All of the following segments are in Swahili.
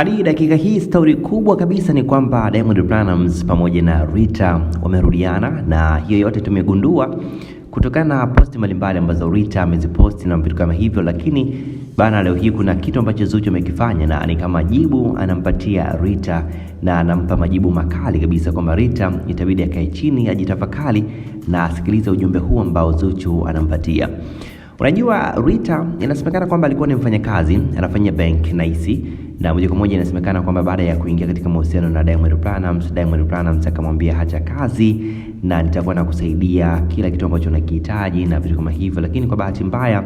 Ali, dakika hii stori kubwa kabisa ni kwamba Diamond Platnumz pamoja na Rita wamerudiana, na hiyo yote tumegundua kutokana na posti mbalimbali ambazo Rita ameziposti na vitu kama hivyo. Lakini bana, leo hii kuna kitu ambacho Zuchu amekifanya na ni kama jibu anampatia Rita, na anampa majibu makali kabisa kwamba Rita itabidi akae chini ajitafakari na asikilize ujumbe huu ambao Zuchu anampatia. Unajua, Rita inasemekana kwamba alikuwa ni mfanyakazi anafanya bank naisi na moja kwa moja inasemekana kwamba baada ya kuingia katika mahusiano na Diamond Platnumz, Diamond Platnumz akamwambia hacha kazi na nitakuwa nakusaidia kila kitu ambacho unakihitaji na vitu kama hivyo, lakini kwa bahati mbaya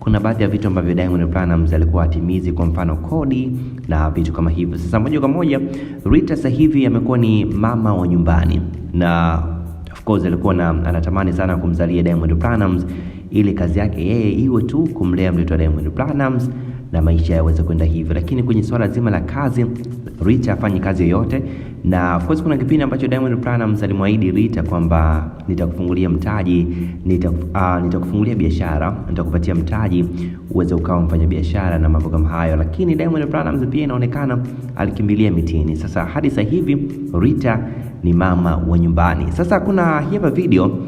kuna baadhi ya vitu ambavyo Diamond Platnumz alikuwa atimizi, kwa mfano kodi na vitu kama hivyo. Sasa moja kwa moja Rita sasa hivi amekuwa ni mama wa nyumbani na of course alikuwa na anatamani sana kumzalia Diamond Platnumz ili kazi yake yeye iwe tu kumlea mtoto wa Diamond Platnumz na maisha yaweze kwenda hivyo. Lakini kwenye swala zima la kazi, Rita afanye kazi yoyote, na of course kuna kipindi ambacho Diamond Platnumz alimwahidi Rita kwamba nitakufungulia mtaji, ah, nitakufungulia uh, nita biashara, nitakupatia mtaji uweze ukawa mfanya biashara na mambo kama hayo, lakini Diamond Platnumz pia inaonekana alikimbilia mitini. Sasa hadi sasa hivi Rita ni mama wa nyumbani. Sasa kuna hapa video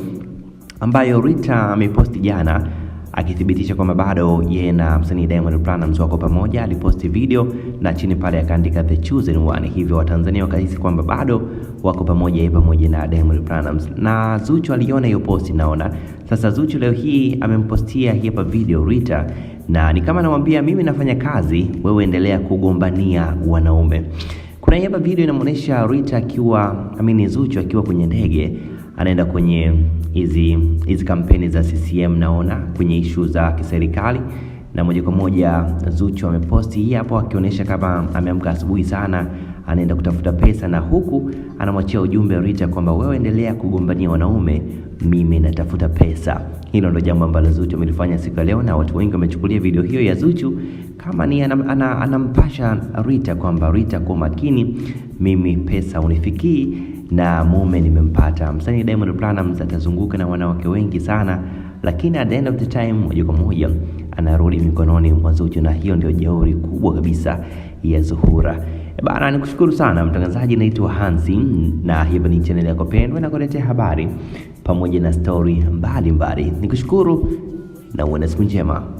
ambayo Rita ameposti jana akithibitisha kwamba bado yeye na msanii Diamond Platnumz wako pamoja. Aliposti video na chini pale akaandika the chosen one, hivyo Watanzania wakahisi kwamba bado wako pamoja, yeye pamoja na Diamond Platnumz. Na Zuchu aliona hiyo posti, naona sasa Zuchu leo hii amempostia hii hapa video Rita, na ni kama anamwambia mimi nafanya kazi, wewe endelea kugombania wanaume. Kuna hapa video inamuonesha Rita akiwa amini Zuchu akiwa kwenye ndege anaenda kwenye hizi hizi kampeni za CCM, naona kwenye ishu za kiserikali na moja kwa moja Zuchu ameposti hii hapo akionyesha kama ameamka asubuhi sana, anaenda kutafuta pesa, na huku anamwachia ujumbe Rita kwamba wewe endelea kugombania wanaume, mimi natafuta pesa. Hilo ndo jambo ambalo Zuchu amelifanya siku ya leo, na watu wengi wamechukulia video hiyo ya Zuchu kama ni anam, anam, anampasha Rita kwamba Rita, kwa makini, mimi pesa unifikii na mume nimempata. Msanii Diamond Platnumz atazunguka na wanawake wengi sana, lakini at the end of the time, moja kwa moja anarudi mikononi mwa Zuchu, na hiyo ndio jeuri kubwa kabisa ya Zuhura. E bana, nikushukuru sana mtangazaji, naitwa Hansi na hivyo ni channel yako pendwa na kuletea habari pamoja na stori mbalimbali. Nikushukuru na uwe na siku njema.